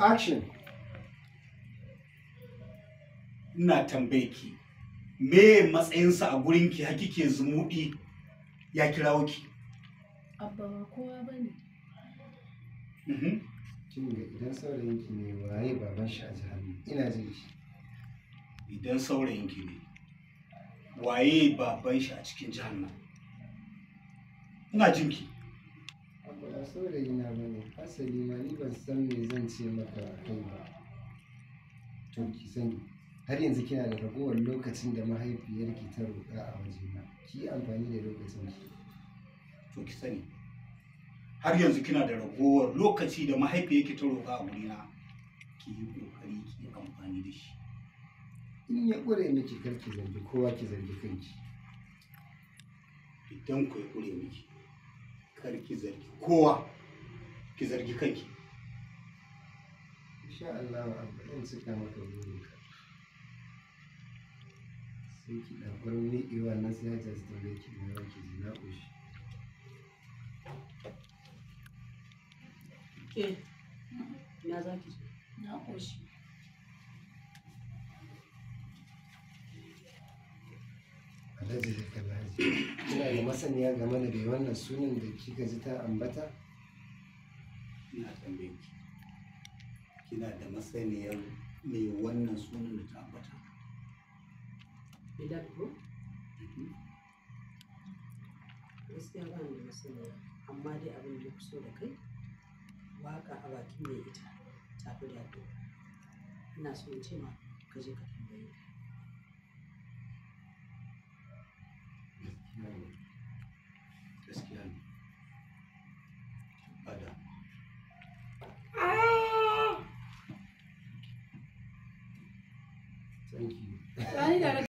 action ina tambaye ki me matsayinsa a gurin ki hakike zumuɗi ya kirawo ki abba ba kowa bane tunda mhm. idan saurayin ki ne waye baban shi a jihannu ina jin shi idan saurayin ki ne waye baban shi a cikin jihannu ina jin ki ba saurayi na ba ne asali ma ni ban san me zan ce maka kai ba to ki sani har yanzu kina da ragowar lokacin da mahaifiyar ki ta roƙa a na, ki yi amfani da lokacin ki to ki sani har yanzu kina da ragowar lokaci da mahaifiyar ki ta roƙa a na, ki yi ƙoƙari ki yi amfani da shi in ya ƙure miki kar ki zargi kowa ki zargi kanki idan ku ya ƙure miki ki zargi kowa ki zargi kanki insha Allah abin suka maka burin ka sai ki na sai na ki na ƙoshi ke na za Alhaji kana da masaniya game da bai wannan sunan da kika ji ta ambata? ina tambayin ki kina da masaniyar mai wannan sunan da ta ambata idan ko gaskiya ba ni da masaniya amma dai abin da ku so da kai waka a bakin mai ita ta fi daɗi ina son ce ma ka je ka nan gaskiya ne thank you